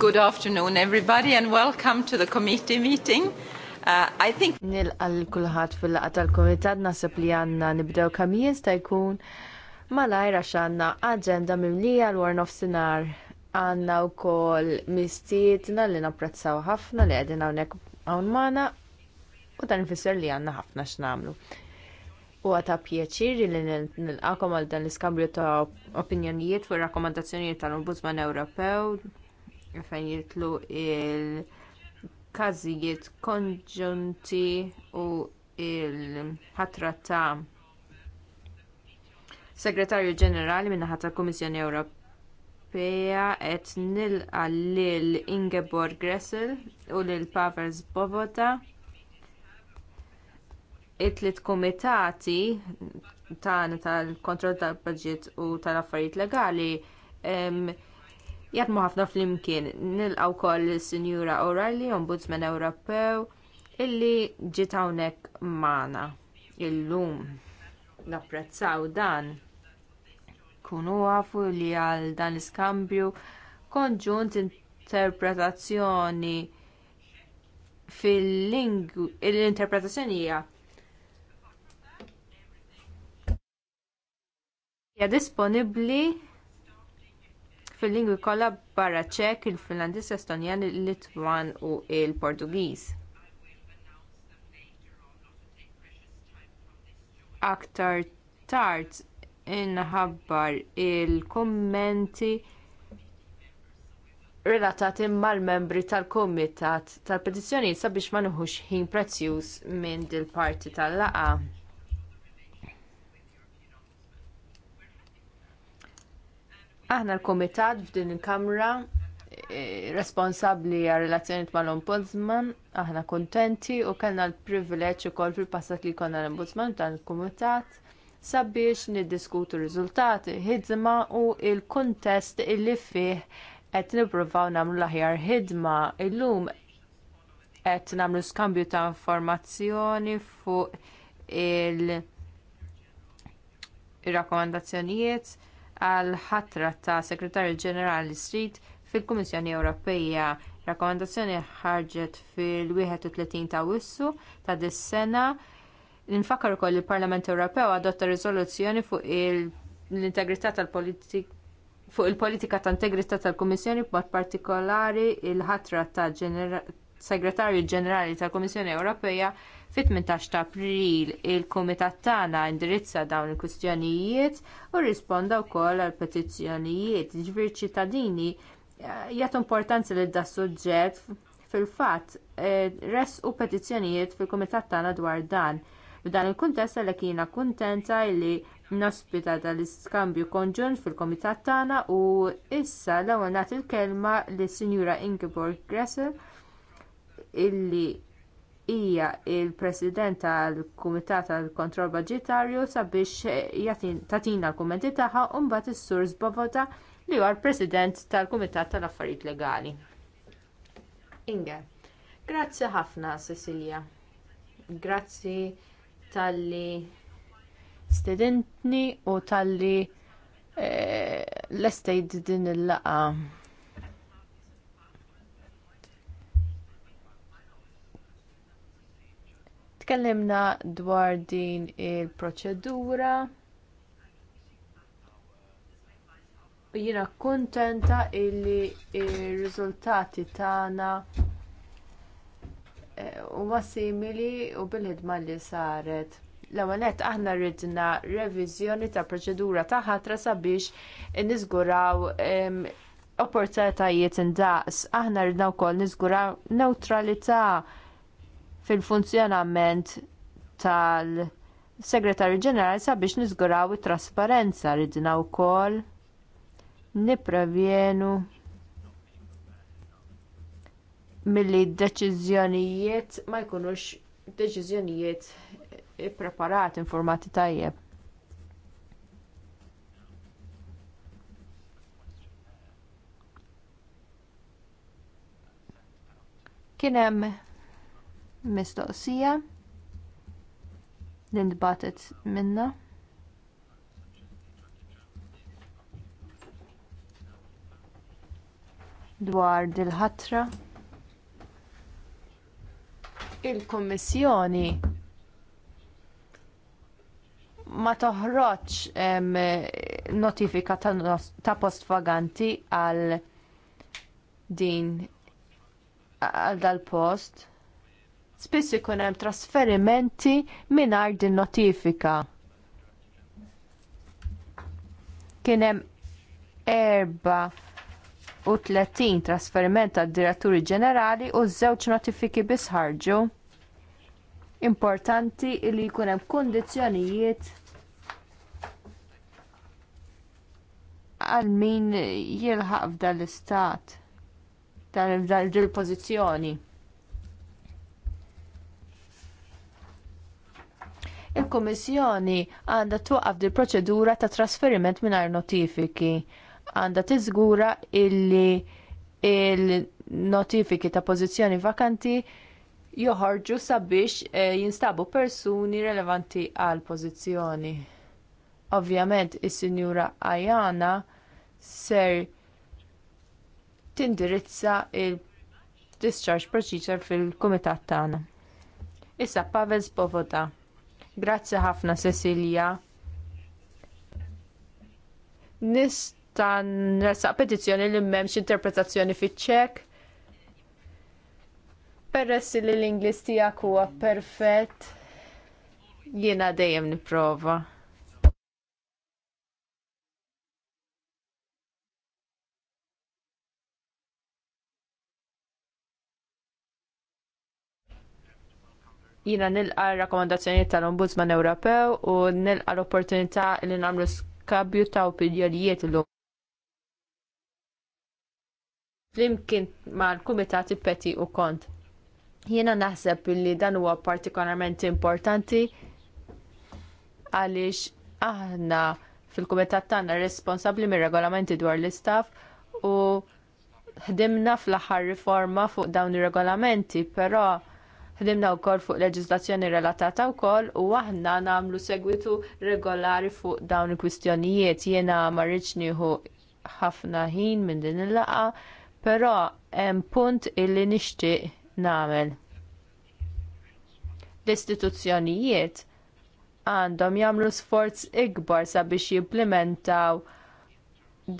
Good afternoon everybody and welcome to the committee meeting. Uh, I think nil kulħadd fil-laqgħa tal-kumitat naħseb li għandna nibdew kamien sta jkun malajr għax għandna aġenda mimlija l war nofsinhar għandna wkoll mistietna li napprezzaw ħafna li qegħdin hawnhekk hawn magħna u dan ifisser li għandna ħafna x'namlu. Huwa ta' pjaċir li nilqakom għal dan l-iskambju ta' opinjonijiet fuq ir rakkomandazzjonijiet tal-Ombudsman Ewropew fejn jitlu il-każijiet konġunti u l ħatra ta' Segretarju Ġenerali min-naħa tal Kummissjoni Ewropea qed nilqa lil Ingeborg Gressel u lil Pavers Boboda. It-tliet kumitati tagħna tal-kontroll tal-budget u tal-affarijiet legali jaħdmu ħafna flimkien nilqaw wkoll is-Sinjura O'Reilly, Ombudsman Ewropew, illi ġiet hawnhekk magħna illum. Napprezzaw dan. Kunu għafu li għal dan l-iskambju konġunt interpretazzjoni fil lingu l-interpretazzjoni hija hija disponibbli fil-lingwi kollha barra ċek, il-Finlandiż, Estonjan, il-Litwan u l portugiż Aktar tard inħabbar il-kummenti relatati mal-membri tal-Kumitat tal-Petizzjonijiet sabiex ma nħux ħin prezzjuż minn dil parti tal-laqa. Aħna l-Komitat f'din il-Kamra eh, responsabbli għal relazzjoniet mal-Ombudsman, aħna kuntenti u kellna l-privileġġ ukoll fil-passat li jkollna l-Ombudsman tal il-Kumitat sabiex niddiskutu r-riżultati, ħidma u l kuntest illi fih qed nippruvaw nagħmlu l-aħjar ħidma illum qed nagħmlu skambju ta' informazzjoni fuq il-rakkomandazzjonijiet il għal ħatra ta' Segretarju Ġenerali Street fil-Kummissjoni Ewropea. Rakkomandazzjoni ħarġet fil-31 ta' Wissu ta' dis-sena. Nfakkar ukoll il-Parlament Ewropew adotta riżoluzzjoni fuq l-integrità tal fuq il-politika ta' integrità tal-Kummissjoni b'mod partikolari il-ħatra ta' Segretarju Ġenerali tal-Kummissjoni Ewropea Fit-18 ta' April il-Kumitat tagħna indirizza dawn il-kwistjonijiet u rrisponda wkoll għall petizzjonijiet. Ġifier ċittadini eh, jagħtu importanza li da' suġġett fil-fatt eh, resqu petizzjonijiet fil-Kumitat tagħna dwar dan. F'dan il-kuntest għalhekk jiena kuntenta li nospita tal-iskambju konġunt fil kumitat Tana u issa l-ewwel il kelma lis sinjura Ingeborg Gressel illi hija l president tal-Kumitat tal-Kontroll Budġetarju sabiex tagħtina l-kummenti tagħha u mbagħad is-Sur Bavota li huwa l-President tal-Kumitat tal-Affarijiet Legali. Inge, grazzi ħafna Cecilia. Grazzi talli stedentni u talli li eh, l-estejt din il laqgħa Tkellimna dwar din il-proċedura. Jiena kontenta illi r-riżultati tagħna eh, huma simili u bil-ħidma li saret l-ewwel nett aħna ridna reviżjoni ta' proċedura ta' ħatra sabiex niżguraw opportunitajiet indaqs. Aħna rridna wkoll niżguraw neutralità fil-funzjonament tal-Segretarju Ġenerali sabiex niżguraw it-trasparenza ridna wkoll nipprevenu. milli d deċiżjonijiet ma jkunux deċiżjonijiet ippreparati informati tajjeb. Kien hemm mistoqsija li nbatet minnha. dwar dil-ħatra il-Kummissjoni ma toħroġx notifika ta' post vaganti għal din għal dal-post spiss ikun hemm trasferimenti mingħajr din notifika. Kien hemm erba' u 30 trasferiment tad diretturi ġenerali u żewġ notifiki biss ħarġu. Importanti li jkun hemm kundizzjonijiet għal min jilħaq f'dan l-istat, dan f'dan il-pożizzjoni. il-Kummissjoni għandha twaqqaf di proċedura ta' trasferiment mingħajr notifiki. Għandha tiżgura illi il-notifiki ta' pożizzjoni vakanti joħorġu sabiex eh, jinstabu persuni relevanti għal pożizzjoni. Ovvjament is-Sinjura Ajana ser tindirizza il-discharge procedure fil-kumitat tagħna. Issa Pavel Spovoda. Grazzi ħafna Cecilia. Nista' nresaq petizzjoni li m'hemmx interpretazzjoni fi ċek Peress li l-Ingliż tiegħek huwa perfett, jiena dejjem nipprova. jina nilqa rakkomandazzjonijiet tal-Ombudsman Ewropew u nilqa l-opportunità li nagħmlu skabju ta' opinjonijiet l Flimkien mal-Kumitati Peti u Kont. Jiena naħseb li dan huwa partikolarment importanti għaliex aħna fil-kumitat tagħna responsabbli mir-regolamenti dwar l-istaff u ħdimna fl-aħħar riforma fuq dawn ir-regolamenti, però Ħdimna wkoll fuq leġislazzjoni relatata wkoll u aħna nagħmlu segwitu regolari fuq dawn il-kwistjonijiet. Jiena ma rridx ħafna ħin minn din il laqgħa però hemm punt illi nixtieq nagħmel. L-istituzzjonijiet għandhom jagħmlu sforz ikbar sabiex jimplementaw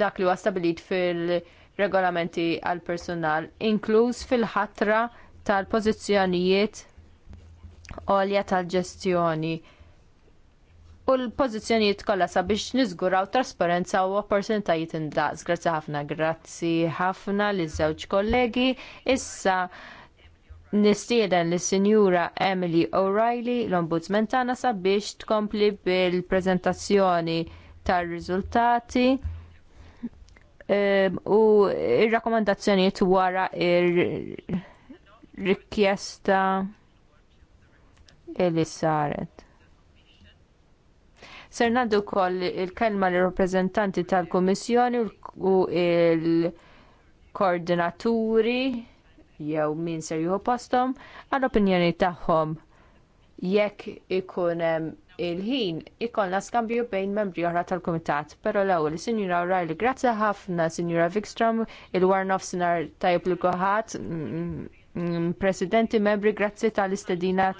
dak li huwa stabilit fil-regolamenti għall personal inkluż fil-ħatra tal-pożizzjonijiet għolja tal-ġestjoni u l-pożizzjonijiet kollha sabiex niżguraw trasparenza u opportunitajiet indaqs. Grazzi ħafna, grazzi ħafna li żewġ kollegi. Issa nistieden li sinjura Emily O'Reilly, l-ombudsman tagħna sabiex tkompli bil-preżentazzjoni tar-riżultati ehm, u r rakkomandazzjonijiet wara ir rikjesta illi saret. Ser naddu koll il-kelma l rappresentanti tal-Komissjoni u il-koordinaturi jew min ser juhu postom għal-opinjoni tagħhom jekk ikun il-ħin ikollna skambju bejn membri oħra tal-Kumitat. Però l-ewwel, Sinjura O'Reilly, grazzi ħafna Sinjura Vikstrom, il warnoff sinar tajb li koħat Mm, Presidenti, membri, grazzi tal-istedina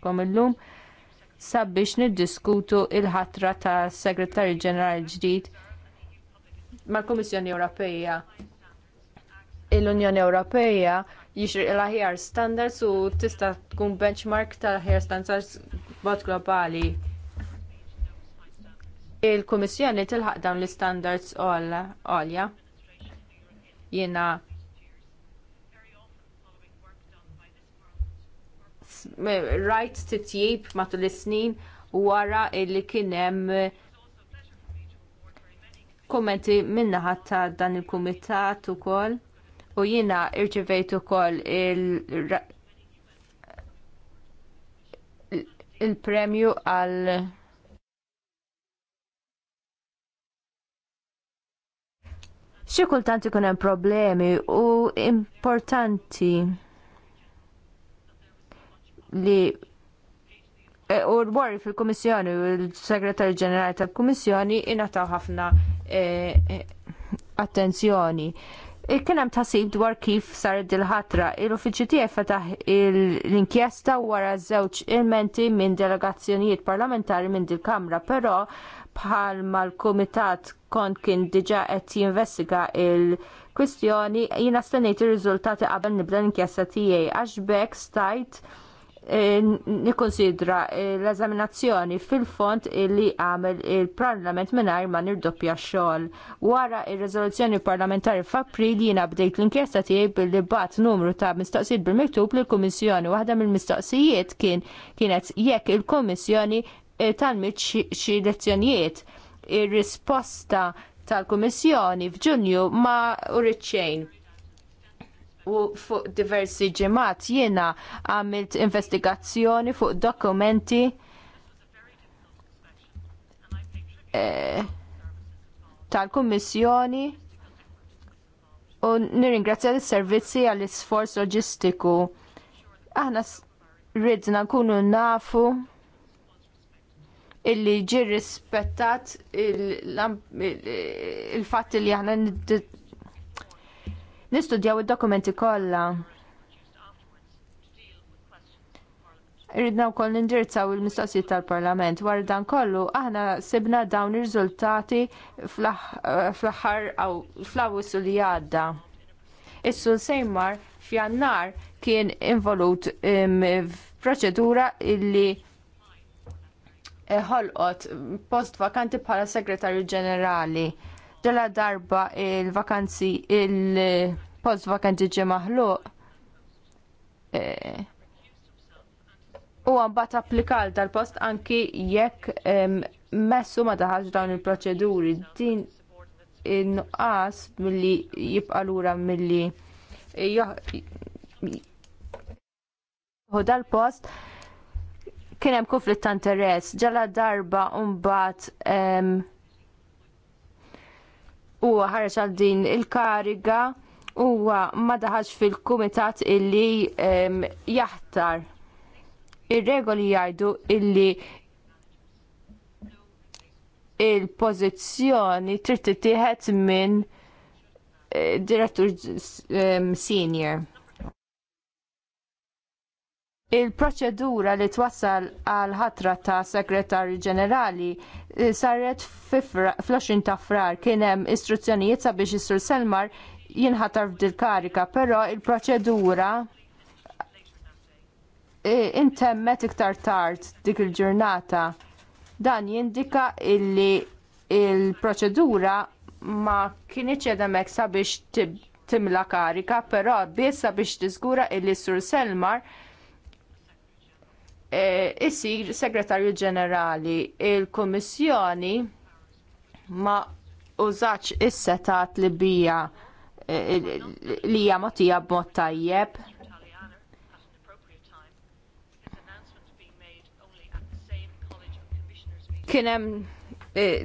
kom illum sabiex niddiskutu il-ħatra ta' Segretarju Ġenerali ġdid mal-Kummissjoni Ewropeja. Il-Unjoni Ewropeja jixri l-aħjar standards u tista' tkun benchmark tal-aħjar standards b'mod globali. Il-Kummissjoni tilħaq dawn l-standards għolja. Jena rajt titjib matul is-snin wara li kien hemm kummenti min-naħa ta' dan il-kumitat ukoll u jiena irċivejt ukoll il- il-premju għal xi kultanti kunem hemm problemi u importanti li e, u l-borri fil-Komissjoni u l-Segretarju Ġenerali tal-Komissjoni inataw ħafna e, e, attenzjoni. Kien hemm tasib dwar kif sar dil-ħatra, il-uffiċċju tiegħi fetaħ l-inkjesta wara żewġ ilmenti minn delegazzjonijiet parlamentari minn dil-Kamra, però bħalma l-Kumitat kont kien diġà qed jinvestiga il- kwistjoni jina stenejt ir-riżultati qabel nibda l-inkjesta tiegħi għax bekk stajt E, nikonsidra e, l-eżaminazzjoni fil-font li għamel il-Parlament mingħajr ma nirdoppja xogħol. Wara il riżoluzzjoni parlamentari f'April jiena bdejt l-inkjesta tiegħi billi bat numru ta' mistoqsijiet bil-miktub l kummissjoni Waħda mill-mistoqsijiet kien kienet jekk il-Kummissjoni e, talmit xi lezzjonijiet ir-risposta tal-Kummissjoni f'Ġunju ma uriċċejn u fuq diversi ġemat jiena għamilt investigazzjoni fuq dokumenti eh, tal-Kummissjoni u nirringrazzja l-servizzi għall-isforz loġistiku. Aħna ridna nkunu nafu illi ġir rispettat il-fatt il il il li aħna nistudjaw id-dokumenti kollha. Irridna wkoll nindirizzaw il-mistoqsijiet tal-Parlament wara dan kollu aħna sibna dawn ir-riżultati fl-aħħar aw fl-awwissu li għadda. Issu sejmar f'jannar kien involut ehm, f'proċedura illi eh, ħolqot post vakanti bħala segretarju ġenerali ġala darba il-vakanzi il-post vakanzi ġemahlu maħluq e, u għambat applikal dal-post anki jekk messu ma daħħax dawn il-proċeduri din in-nuqqas milli jibqa' lura milli joħu dal-post kienem hemm konflitt ta' interess ġala darba mbagħad u ħarġ għal din il-kariga huwa ma daħax fil-kumitat illi jaħtar. Ir-regoli jgħidu illi il-pożizzjoni trid tittieħed minn eh, direttur senior. Il-proċedura li twassal għal ħatra ta' segretarju ġenerali eh, saret fl-20 ta' frar kien hemm istruzzjonijiet sabiex is-Sur Selmar jinħatar f'dil karika, però il-proċedura eh, intemmet iktar tard dik il-ġurnata. Dan jindika illi il-proċedura ma kienieċ jedemek sabiex timla karika, però biss sabiex tiżgura illi Sur Selmar Eh, isir segretarju ġenerali il-Kummissjoni ma użax is-setat li bija eh, li hija mogħtija b'mod tajjeb. Kien hemm eh,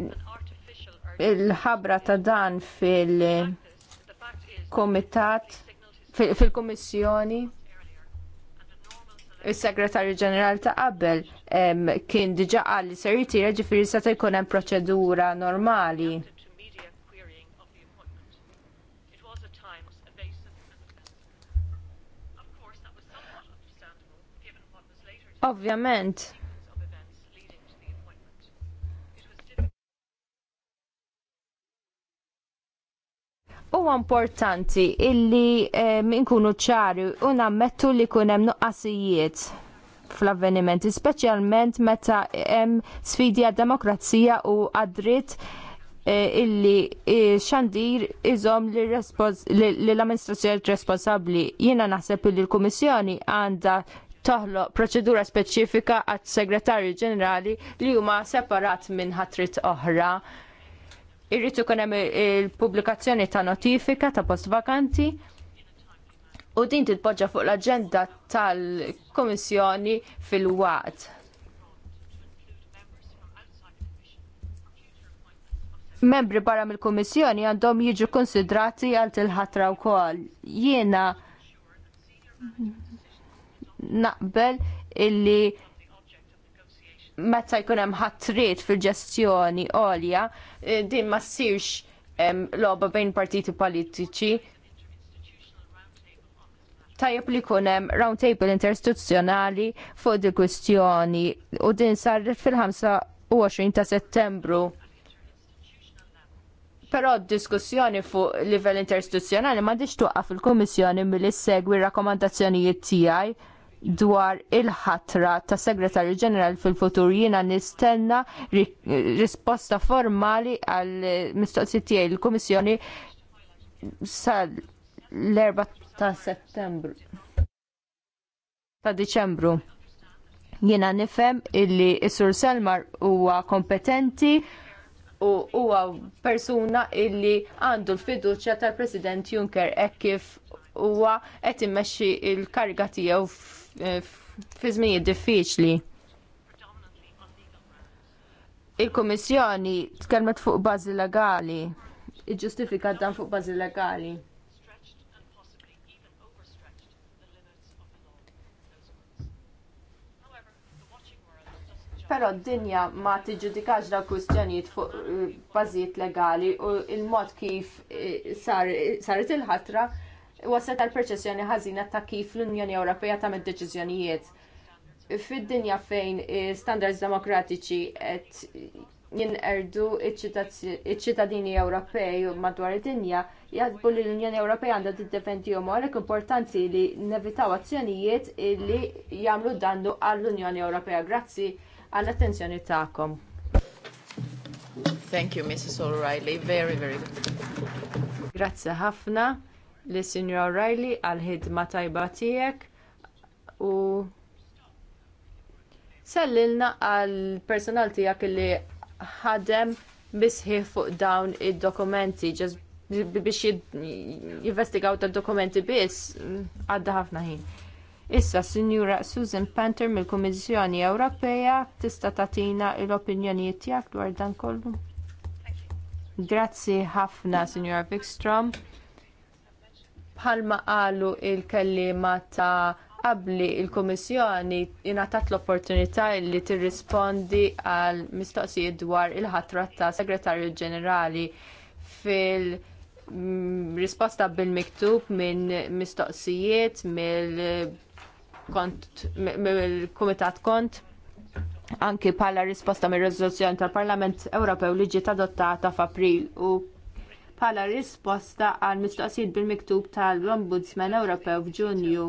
il-ħabra ta' dan fil-komitat fil-Kummissjoni. fil fil kummissjoni il-segretarju ġenerali ta' qabel kien diġa qal li ser jitira ġifieri se jkun hemm proċedura normali. Ovvjament, Huwa importanti illi minkunu ċari u nammettu li kunem hemm nuqqasijiet fl-avvenimenti, speċjalment meta hemm sfidi għad-demokrazija u għad-dritt e, illi e, xandir iżom l-amministrazzjoni responsabli. Jiena naħseb li l-Kummissjoni għandha toħloq proċedura speċifika għad segretarju ġenerali li huma separat minn ħatrit oħra irrid ikun hemm il-pubblikazzjoni ta' notifika ta' post vakanti u din titpoġġa fuq l-aġenda tal-Kummissjoni fil-waqt. Membri barra mill-Kummissjoni għandhom jiġu konsidrati għal il-ħatra wkoll. Jiena naqbel illi meta jkun hemm ħatrit fil-ġestjoni għolja, eh, din ma ssirx logħba bejn partiti politiċi. Tajjeb li jkun hemm round table interistituzzjonali fuq di kwistjoni u din sarret fil-25 ta' Settembru. Però d diskussjoni fuq livell interistituzzjonali ma diċ fil-Kummissjoni milli segwi r rakkomandazzjonijiet tiegħi dwar il-ħatra ta' segretarju ġenerali fil-futur jiena nistenna risposta formali għal mistoqsi tiegħi l-Kummissjoni sal l-4 ta' Settembru ta' Diċembru. Jiena nifhem illi s-Sur Selmar huwa kompetenti u huwa persuna illi għandu l-fiduċja tal-President Juncker hekk kif huwa qed immexxi l-kariga tiegħu Eh, fi diffiċli. Il-Kummissjoni tkellmet fuq bażi legali, iġġustifikat dan fuq bażi legali. Però d-dinja ma tiġudikax da kwistjonijiet fuq eh, bażijiet legali u il-mod kif eh, saret il-ħatra waslet għal perċessjoni ħażina ta' kif l-Unjoni Ewropea tagħmel deċiżjonijiet. Fid-dinja fejn standards demokratiċi qed jinqerdu iċ-ċittadini Ewropej madwar id-dinja jadbu li l-Unjoni Ewropea għandha tiddefendihom għalhekk importanti li nevitaw azzjonijiet illi jagħmlu dannu għall-Unjoni Ewropea. Grazzi għall-attenzjoni tagħkom. Thank you, Mrs. O'Reilly. Very, very good. Grazie ħafna li Sinjora O'Reilly għal-ħidma tajba tiegħek u sellilna għal-personal tiegħek li ħadem bisħiħ fuq dawn id-dokumenti biex jivvestigaw tad-dokumenti biss mm, għadda ħafna ħin. Issa Sinjura Susan Panther mill-Kummissjoni Ewropea tista' tagħtina l-opinjonijiet tiegħek dwar dan kollu. Grazzi ħafna, Sinjura Vikstrom. Bħalma qalu il-kellima ta' qabli il-Kummissjoni jingħatat l-opportunità li tirrispondi għal mistoqsijiet dwar il-ħatra ta' Segretarju Ġenerali fil- mm, risposta bil-miktub minn mistoqsijiet mill-Kumitat Kont anki bħala risposta mir rezoluzzjoni tal-Parlament Ewropew li ġiet adottata f'April u bħala risposta għal mistoqsijiet bil-miktub tal-Ombudsman Ewropew f'Ġunju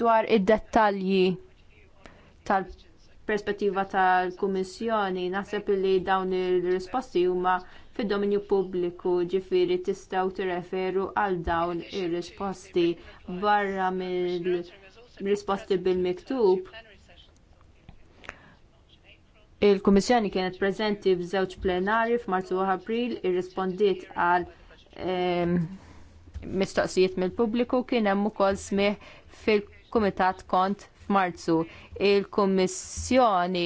dwar id-dettalji tal-perspettiva tal-Kummissjoni naħseb li dawn ir-risposti huma fid-dominju pubbliku ġifiri tistgħu tirreferu għal dawn ir-risposti barra mill-risposti bil-miktub Il-Kummissjoni kienet preżenti b'żewġ plenarji f'Marzu u April irrispondiet għal ehm, mistoqsijiet mill-pubbliku kien hemm ukoll smih fil-Kumitat Kont f'Marzu. Il-Kummissjoni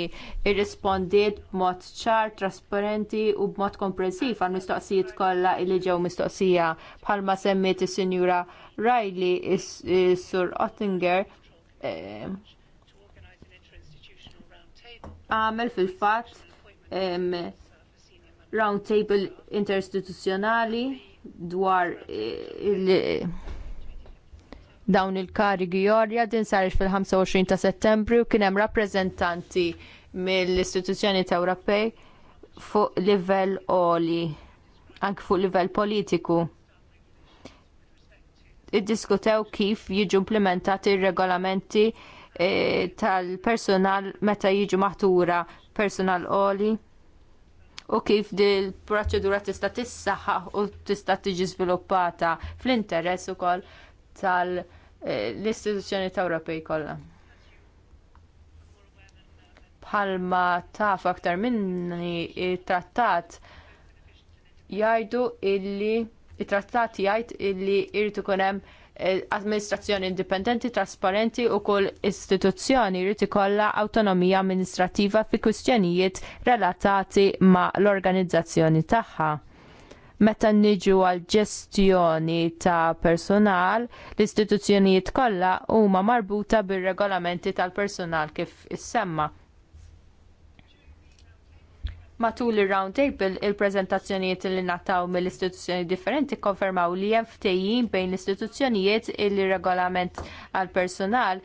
irrispondiet b'mod ċar, trasparenti u b'mod komprensiv għal mistoqsijiet kollha li ġew mistoqsija bħalma semmiet is-Sinjura Riley is-Sur Ottinger ehm, għamel fil-fat round table interistituzzjonali dwar eh, il dawn il-karigi jorja din sarix fil-25 ta' settembru kien hemm rappreżentanti mill-istituzzjoni ta' Ewropej fuq livell oli, anke fuq livell politiku. Iddiskutew kif jiġu implementati r regolamenti E, tal-personal meta jiġu maħtura personal oli u kif dil proċedura tista' tissaħħa u tista' tiġi sviluppata fl-interess ukoll tal-istituzzjoni e, ta' Ewropej kollha. Bħalma taf aktar minni trattat jgħidu illi il trattat jgħid illi irtu ikun hemm amministrazzjoni indipendenti, trasparenti u kull istituzzjoni jrid kolla awtonomija amministrativa fi kwistjonijiet relatati ma' l-organizzazzjoni tagħha. Meta niġu għal ġestjoni ta' personal, l-istituzzjonijiet kollha huma marbuta bir-regolamenti tal-personal kif issemma matul ir-round table il-preżentazzjonijiet li nataw mill-istituzzjoni differenti konfermaw li hemm ftehim bejn l-istituzzjonijiet il-regolament għall personal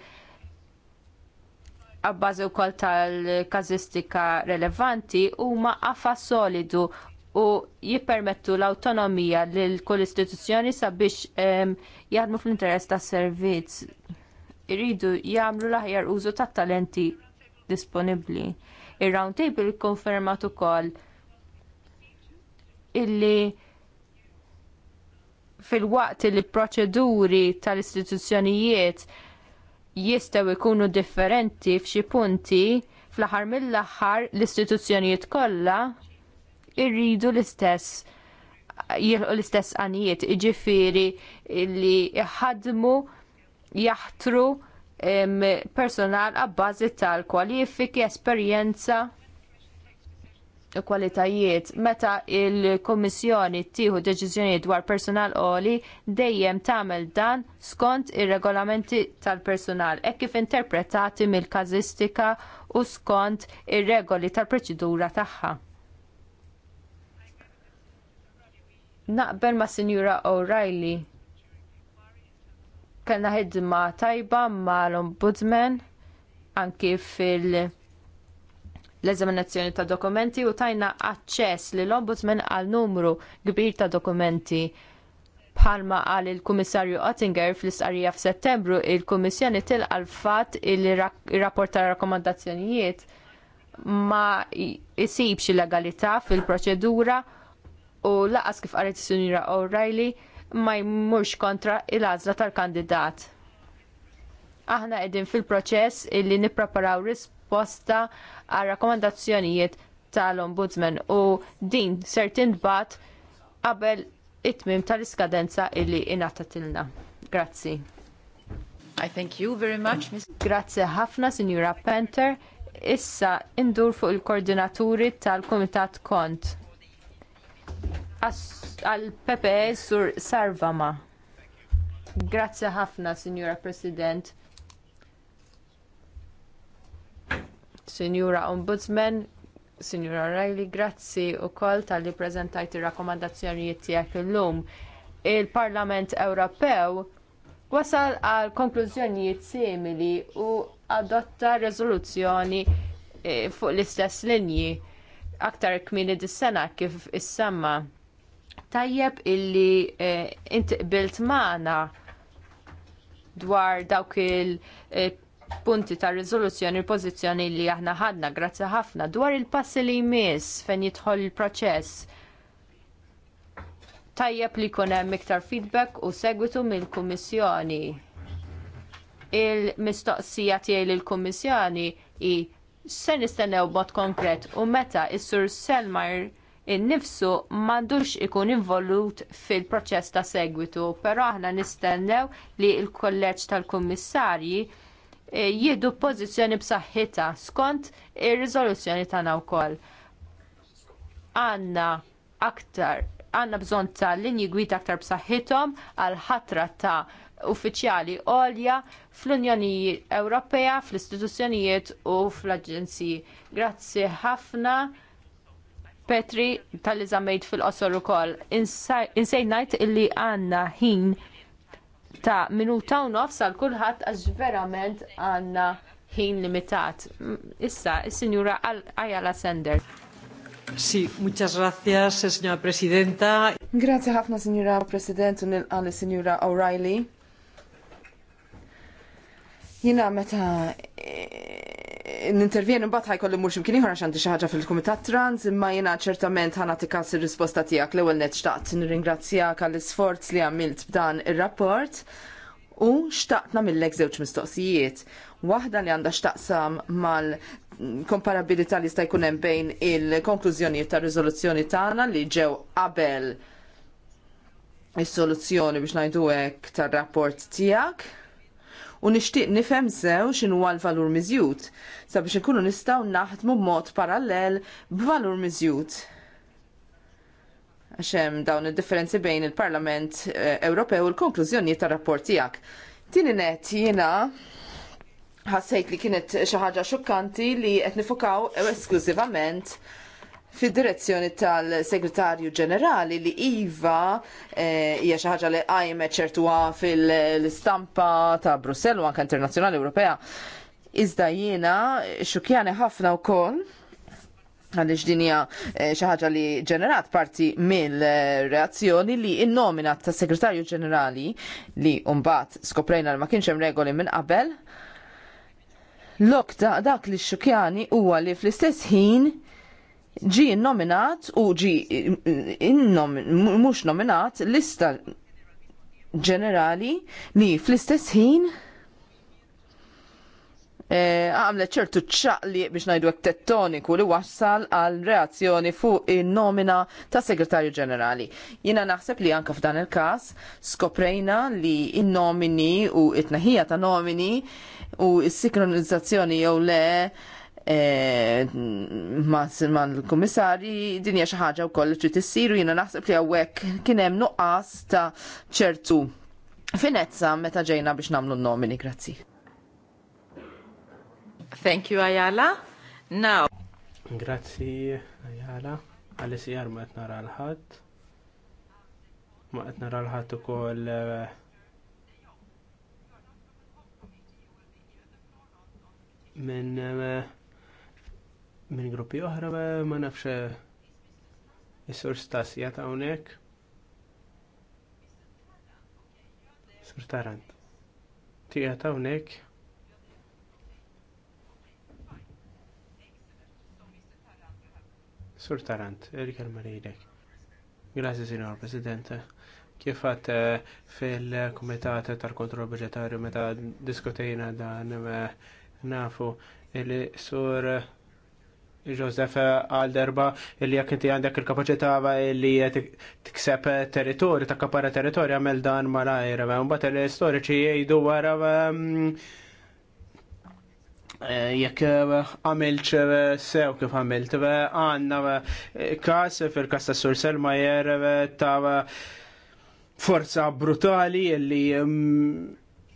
għabbażi wkoll tal-kazistika relevanti huma ma solidu u jippermettu l awtonomija lil kull istituzzjoni sabiex jaħdmu fl-interess tas servizz iridu jagħmlu l-aħjar użu tat talenti disponibbli. Ir-round table konfermat ukoll illi fil-waqt li proċeduri tal-istituzzjonijiet jistgħu jkunu differenti f'xi punti fl-aħħar mill-aħħar l-istituzzjonijiet kollha irridu l-istess jilħu l-istess għanijiet, iġifiri li jħadmu, jaħtru personal għabbażi tal-kwalifiki, esperjenza u kwalitajiet. Meta il-Kommissjoni tieħu deċiżjoni dwar personal oli dejjem tagħmel dan skont ir-regolamenti tal-personal hekk kif interpretati mill-każistika u skont ir-regoli tal-proċedura tagħha. Naqbel ma' Sinjura O'Reilly kellna ħidma tajba mal-ombudsman anki fil- l-eżaminazzjoni ta' dokumenti u tajna aċċess li l-ombudsman għal numru kbir ta' dokumenti bħalma qal il-Kummissarju Ottinger fl-istqarrija f'Settembru, il-Kummissjoni tilqa l-fatt li rapport r rakkomandazzjonijiet ma jisibx legalità fil-proċedura u laqas kif qalet is-Sinjura O'Reilly ma jmurx kontra il-għażla tal-kandidat. Aħna qegħdin fil-proċess illi nippreparaw risposta għal rakkomandazzjonijiet tal-Ombudsman u din ser tintbat qabel it-tmim tal-iskadenza illi inatatilna. Grazzi. I thank you very much, Ms. Grazzi ħafna, Signora Penter. Issa indur fuq il-koordinaturi tal-Komitat Kont għal pepe sur Sarvama. Grazzi ħafna, Signora President. Signora Ombudsman, Signora O'Reilly, grazzi u koll tal-li prezentajt il-rakomandazzjonijiet tijak il-lum. Il-Parlament Ewropew wasal għal konklużjonijiet simili u adotta rezoluzzjoni eh, fuq l-istess linji aktar kmini dis-sena kif is-semma tajjeb illi eh, inti qbilt dwar dawk il-punti eh, ta' riżoluzzjoni l-pożizzjoni li aħna ħadna grazzi ħafna dwar il-passi li jmiss fejn jidħol il-proċess. Tajjeb li jkun hemm iktar feedback u segwitu mill-Kummissjoni. Il-mistoqsija tiegħi lill-Kummissjoni i se nistennew b'mod konkret u meta is-Sur Selmayr innifsu m'għandux ikun involut fil-proċess ta' segwitu, però aħna nistennew li l-kolleġġ tal-kummissarji eh, jieħdu pożizzjoni b'saħħitha skont ir-riżoluzzjoni tagħna wkoll. Għandna aktar bżonn ta' linji gwida aktar b'saħħithom għal ħatra ta' uffiċjali għolja fl-Unjoni Ewropea, fl-istituzzjonijiet u fl-Aġenziji. Grazzi ħafna. Petri tal-li fil-qosor ukoll. koll, insejnajt illi għandna ħin ta' minuta u nofs għal kulħadd għax verament għandna ħin limitat. Issa, is-Sinjura Ayala Sender. Si, muchas gracias, signora Presidenta. Grazie ħafna, signora President, u nilqali signora O'Reilly. Jina meta Nintervjen imbagħad ħajkolli mhux imkien ieħor għax għandi xi ħaġa fil-Kumitat Trans, imma jiena ċertament ħana nagħti każ ir-risposta tiegħek l-ewwel nett xtaqt nirringrazzjak għall-isforz li għamilt b'dan ir-rapport u xtaqt nagħmilek żewġ mistoqsijiet. Waħda li għandha xtaqsam mal komparabilità li sta' jkun hemm bejn il-konklużjonijiet tar-riżoluzzjoni tagħna li ġew qabel is-soluzzjoni biex ngħidu hekk tar-rapport tiegħek u nixtieq nifhem sew x'inhu l-valur miżjud sabiex inkunu nistgħu naħdmu b'mod parallel b'valur miżjud. Għax hemm dawn id-differenzi bejn il-Parlament eh, Ewropew u l-konklużjonijiet tar-rapport tiegħek. Tieni net jiena ħassejt li kienet xi ħaġa xokkanti li qed nifukaw esklużivament fid-direzzjoni tal-Segretarju Ġenerali li Iva eh, hija xi ħaġa li qajmet ċertuha fil-istampa ta' Brussell u anke internazzjonali Ewropea. Iżda jiena xukjani ħafna wkoll għalix dinja eh, xaħġa li ġenerat parti mill-reazzjoni li n nomina ta' segretarju ġenerali li umbat skoprejna li ma kienx hemm regoli minn qabel. Lok dak li xukjani huwa li fl-istess ħin ġi nominat u ġi mhux nominat lista ġenerali li fl-istess ħin eh, għamlet ċertu ċaqli biex najdu tettoniku li wassal għal reazzjoni fuq il-nomina ta' segretarju ġenerali. Jina naħseb li anka f'dan il-kas skoprejna li il-nomini u it-naħija ta' nomini u s-sikronizzazzjoni jew le Eh, ma' l-komissari dinja xaħġa u koll li t tissiru jina naħseb li għawek kienem nuqqas ta' ċertu finezza meta ġejna biex namlu n-nomini, grazzi. Thank you, Ayala. Now. Grazzi, Ayala. Għalli jar ma nara l Ma nara l u koll eh, minn eh, minn gruppi oħra ma nafx eh, is-sur stasja ta' hawnhekk. Sur Tarant. Tija ta' hawnhekk. Sur Tarant, Erika marijdek Grazie, Signor Presidente. Kif għat eh, fil-Komitat tal-Kontroll Budgetarju meta diskutejna dan eh, nafu il-sur Joseph għal darba li jekk inti għandek il-kapacità li tikseb territorju, ta' kapara territorju għamil dan malajr. Mbagħad l-istoriċi jgħidu għara mm, jekk għamilt sew kif għamilt. Għanna kas fil-kas ta' Sur Selmajer ta' forza brutali li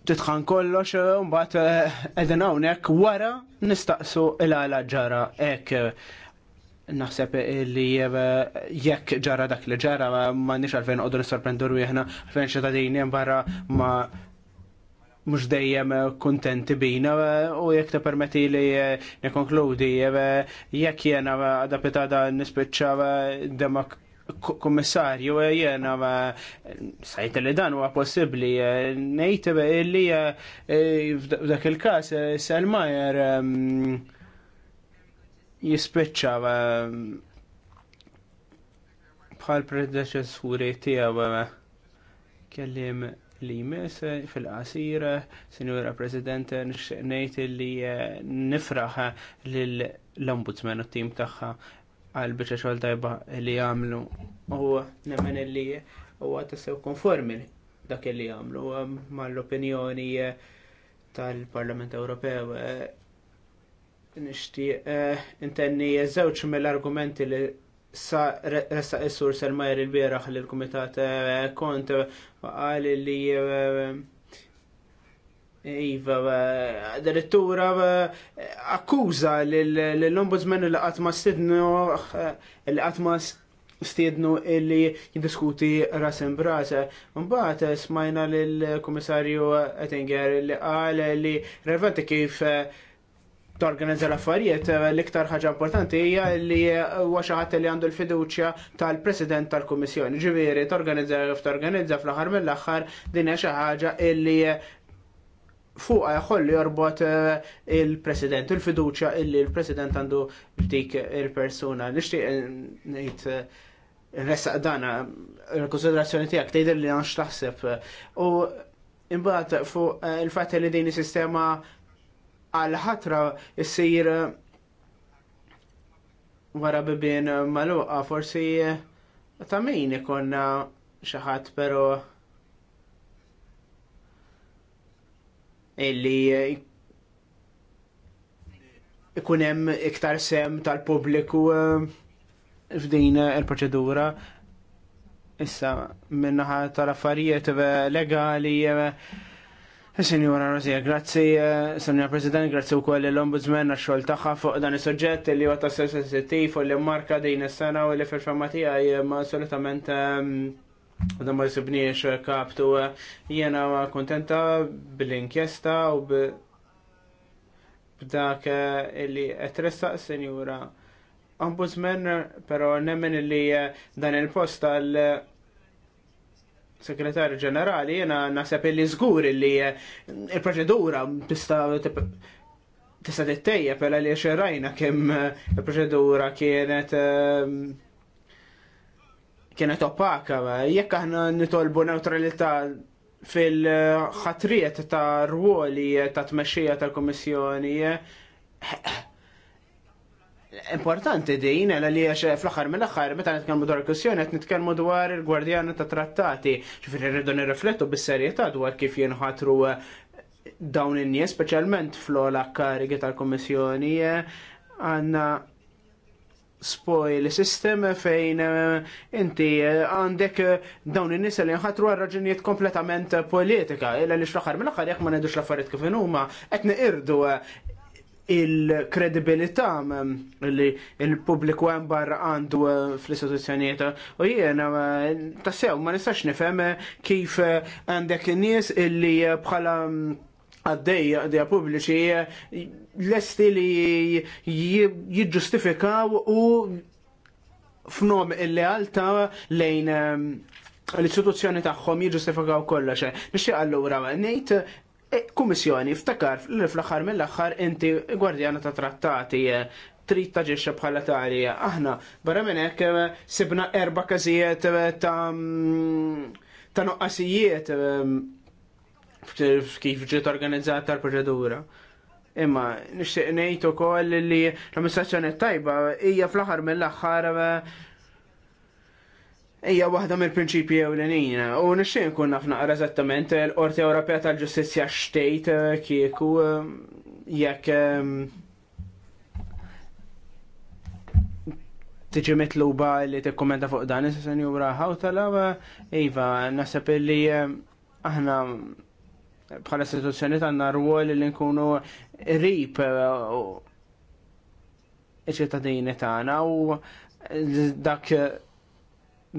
titħan kollox, mbagħad eh, qegħdin eh, hawnhekk wara nistaqsu il-għala ġara hekk eh, naħseb li jekk ġara dak li ġara ma nix għalfejn għodu nisorprendu rwieħna fejn ċittadini barra ma mux dejjem kontenti bina u jekk ta' permetti li nekonkludi jekk jena għada pitada nispicċa demak Kommissarju, eh, jena sajt li dan huwa possibbli eh, ngħid eh, li f'dak il-każ Selmajer ehm, jispiċċa ehm, bħal predeċessuri tiegħu kellim li jmiss fil-qasir, Sinjura President, nejt li nifraħ l-ombudsman u t-tim tagħha għal biex xogħol tajba li jagħmlu u nemmen li huwa tassew konformi dak li jagħmlu mal-opinjoni eh, tal-Parlament Ewropew eh, nixtieq eh, intenni żewġ mill-argumenti li sa resta is-sur Selmajer il-bieraħ lill kumitat kont qal li Iva, addirittura eh, eh, akkuża l-ombudsman li għatma stidnu, eh, li għatma stidnu li jindiskuti rasem braza. Mbaħt smajna l-komissarju Ettinger li għal li relevanti kif torganizza l-affarijiet l-iktar ħaġa importanti hija li huwa xi ħadd li għandu l-fiduċja tal-President tal-Kummissjoni. Ġifieri torganizza kif torganizza fl-aħħar mill-aħħar din hija xi ħaġa illi Fuq jħolli jorbot eh, il-president, il-fiduċa illi il-president għandu dik il-persuna. Nishtiq nejt eh, nresaq eh, dana, il-konsiderazzjoni tijak, tejder li għanx taħseb. U imbat fuq il-fat li din sistema għal-ħatra jissir wara bibin maluqa, forsi ta' min xaħat, pero. illi eh, ikun hemm iktar sem tal-pubbliku eh, f'din eh, il-proċedura. Issa, minnaħa tal-affarijiet legali, Signora Rosia, grazzi, Signora President, grazzi u koll l-Ombudsman għaxol taħħa fuq dan il-soġġett li għata sensittiv u li marka din is-sena u li fil-fermati ma solitament U da ma jisibniex eh, kaptu eh, jena kontenta bil-inkjesta u b'dak eh, li etressa senjura ombudsman, pero nemmen li dan il-post tal segretarju ġenerali jena nasab li zgur li il-proċedura tista tista tittejja pela li xerajna kemm il-proċedura kienet kienet opaka. Jekk aħna nitolbu neutralità fil-ħatriet ta' ruoli ta' tmexxija tal-Komissjoni, importanti din għal li għax fl-axar mill-axar meta nitkellmu dwar kussjoni qed nitkellmu dwar il-gwardjani ta' trattati. Ġifieri rridu nirriflettu bis-serjetà dwar kif jinħatru dawn in-nies, speċjalment fl-ola karigi tal-Kummissjoni għandna spoil system fejn eh, inti eh, għandek eh, dawn in-nies li nħatru għal raġunijiet kompletament politika, illa li xraħar mill axar jekk ma ngħidux l-affarijiet kif huma qed irdu il-kredibilità mm, li il-pubbliku hemm barra għandu fl-istituzzjonijiet. U jiena tassew ma nistax nifhem kif għandek in nies illi bħala mm, għaddejja pubbliċi lesti li jiġġustifikaw u f'nom il-lealta lejn ehm, l-istituzzjoni tagħhom jiġġustifikaw kollox. Nixtieq allura ngħid e, Kummissjoni, ftakar l fl-aħħar mill-aħħar inti gwardjana ta' trattati trid ġiexa bħala tali. Aħna barra minn hekk sibna erba' każijiet ta' ta' noqqasijiet ehm, kif ġiet organizzata l-proċedura. Imma nixtieq ngħid ukoll li l-amministrazzjoni tajba hija fl-aħħar mill-aħħar Ejja eh, waħda mill-prinċipji ewlenin u nixtieq inkun naf naqra eżattament l-Qorti Ewropea tal-Ġustizzja xtejt eh, kieku eh, jekk tiġi mitluba li tikkumenta fuq dan is-senjura Hawtala, iva, nasab li aħna bħala istituzzjoni għandna narwol li nkunu rip uh, iċ-ċittadini tagħna u dak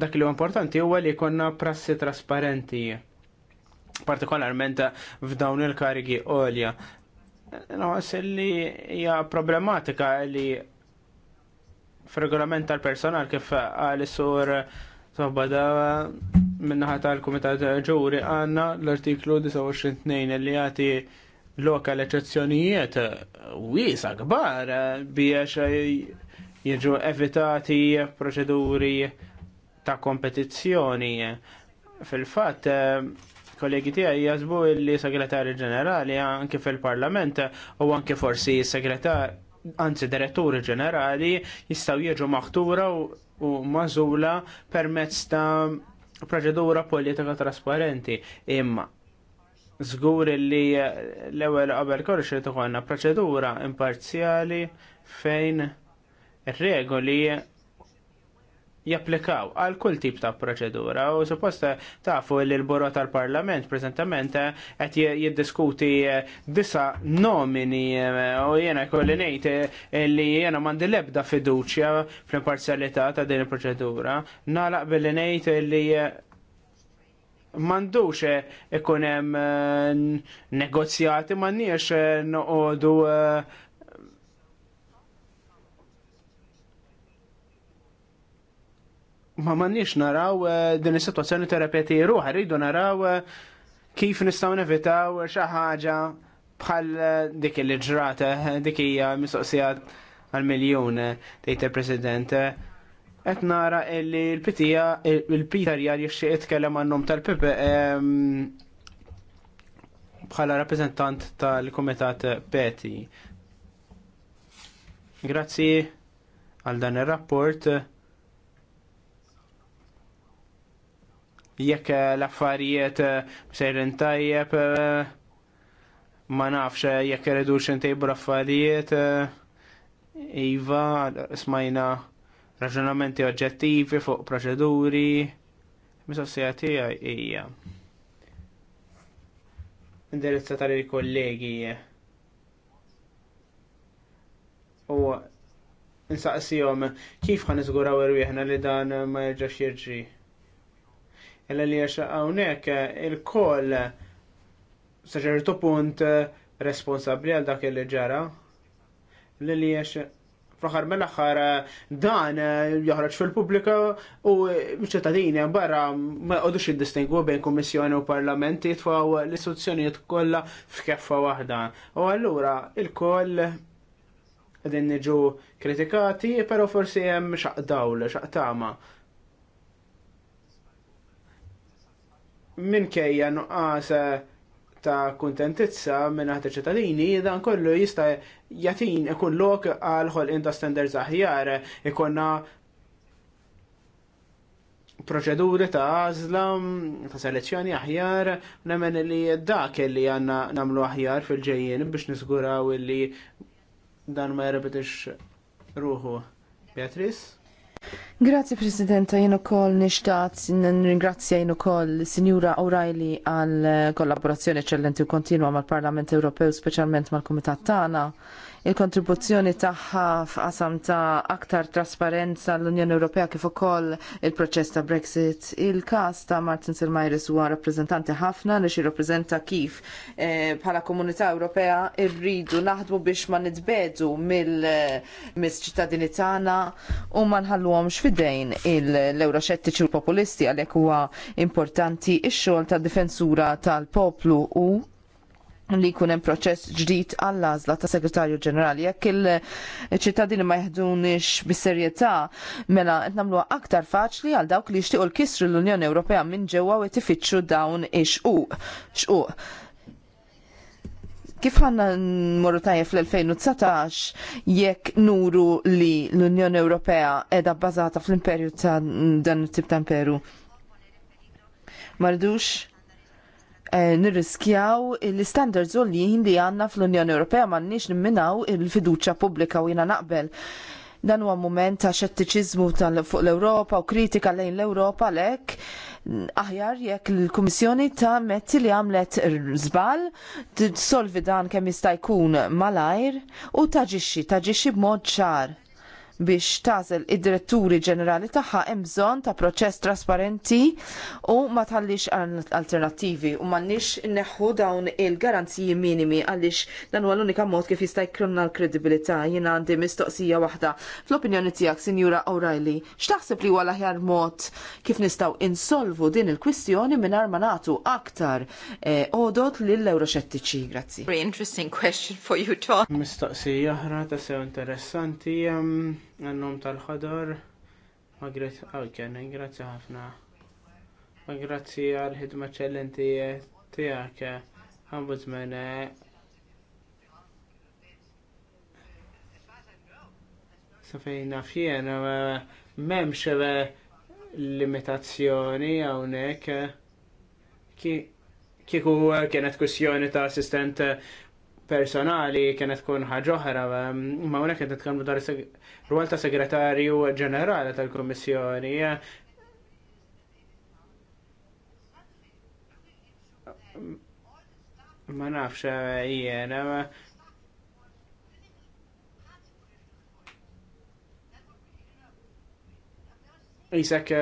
dak li huwa importanti huwa li jkunna prassi trasparenti partikolarment f'dawn il-karigi għolja. Nħas li hija problematika li f'regolament tal-personal kif għal sur Sobada minnaħa tal-Kumitat Ġuri għanna l-artiklu 29 li għati lokal eċezzjonijiet wiesa kbar biex jiġu evitati proċeduri ta' kompetizzjoni. Fil-fatt, kollegi tiegħi jazbu li segretarju ġenerali anke fil-parlament u anke forsi segretar anzi diretturi ġenerali jistaw jiġu maħtura u mażula permezz ta' proċedura politika trasparenti imma Zgur li l-ewel qabel kollox li tħonna proċedura imparzjali fejn regoli japplikaw għal kull tip ta' proċedura u supposta tafu li l-buro tal-parlament prezentament eh, qed jiddiskuti eh, disa nomini eh, u jena kolli ngħid li jena mandi lebda fiduċja fl-imparzjalità ta' din il-proċedura. Nalaq billi ngħid li mandux ikun hemm negozjati m'għandniex noqogħdu ma manniex naraw eh, din is-sitwazzjoni terapeti ruħ, rridu naraw eh, kif nistgħu nevitaw xi ħaġa bħal eh, dik li ġrata, dik hija mistoqsija għal miljun tgħid il-President. Qed nara li l-pitija il-Peter jar jixtieq jitkellem għan-nom tal pip bħala rappreżentant tal-Kumitat Peti. Grazzi għal dan ir-rapport. jekk eh, l-affarijiet eh, sejrin tajjeb eh, ma nafx jekk irridu xintejbu l-affarijiet iva smajna raġunamenti oġġettivi fuq proċeduri mis-sossija tiegħi hija. Indirizza tal-kollegi u nsaqsijom, kif ħan iżguraw irwieħna li dan ma jerġax jirġi. Illa li għax hawnhekk eh, il-koll sa ċertu punt eh, responsabbli għal dak li ġara. Illa li għax fl-aħħar mill-aħħar eh, dan joħroġ fil-pubblika u ċittadini barra ma jqogħdux jiddistingwu bejn kummissjoni u parlament jitfaw l istituzzjoniet kollha f'keffa waħda. U allura il-koll qegħdin niġu kritikati, però forsi hemm xaq dawl, xaq tama. kejja nuqqas ta' kuntentizza minn ħata ċittadini, dan kollu jista' jatin ikun lok għal ħolqien ta' standards aħjar, ikonna proċeduri ta' għażla, ta' selezzjoni aħjar, nemmen li dak li għanna namlu aħjar fil-ġejjien biex nisguraw li dan ma jerbitix ruħu. Beatrice? Grazie Presidenta, jenu kol nishtat, nringrazzja jenu kol Signora O'Reilly għal kollaborazzjoni eccellenti u kontinua mal-Parlament Ewropew, specialment mal-Komitat tana il-kontribuzzjoni tagħha f'qasam ta' aktar trasparenza l-Unjoni Ewropea kif ukoll il-proċess ta' Brexit. Il-każ ta' Martin Selmayris huwa rappreżentanti ħafna li xi rappreżenta kif eh, bħala Komunità Ewropea rridu naħdmu biex ma nitbedu mill-ċittadini tagħna u ma nħalluhomx fidejn l-Ewroxettiċi u l-Populisti għalhekk huwa importanti ix-xogħol tad difensura tal-poplu u li jkun hemm proċess ġdid għall għażla ta' segretarju ġenerali. Jekk il-ċittadini ma jħdunix bis-serjetà, mela qed nagħmluha aktar faċli għal dawk li jixtiequ l-kisru l-Unjoni Ewropea minn ġewwa u tifittxu dawn ix-xuq. Xquq. Kif ħanna nmorru tajjeb fl-2019 jekk nuru li l-Unjoni Ewropea edha bbażata fl-imperju ta' dan it-tip ta' imperu? Mardux? Eh, nirriskjaw l-standards u li jindi għanna fl-Unjoni Ewropea ma nix nimminaw il-fiduċa pubblika u jina naqbel. Dan huwa moment ta' xettiċiżmu fuq l-Ewropa u kritika lejn l-Ewropa lek aħjar jekk l-Kummissjoni ta' metti li għamlet żbal solvi dan kemm jista' jkun malajr u taġixxi, taġixxi b'mod ċar biex tażel id-diretturi ġenerali tagħha hemm bżonn ta' proċess trasparenti u ma tħallix alternattivi u m'għandniex inneħħu dawn il-garanziji minimi għaliex dan huwa l-unika mod kif jista' jkrunna l-kredibilità. Jiena għandi mistoqsija waħda fl-opinjoni tiegħek, Sinjura O'Reilly, x'taħseb li huwa l-aħjar mod kif nistgħu insolvu din il-kwistjoni mingħajr ma nagħtu aktar eh, għodot lill-Euroxettiċi. Grazzi. Very interesting question for you, Tom. Mistoqsija oħra ta' sew interessanti. Um għannom tal-ħodor, ma ah, grazzi ħafna. Ma grazzi għal-ħidma ċellenti tijak, għambudżmen. Eh. Safejna fjien, eh, memx eh, limitazzjoni għawnek. Kiku kienet kussjoni ta' assistent personali kienet kun ħagħoħra, ma' unek kienet kan budar Rwal ta' segretarju ġenerali tal komissjoni ma nafx jiena Isek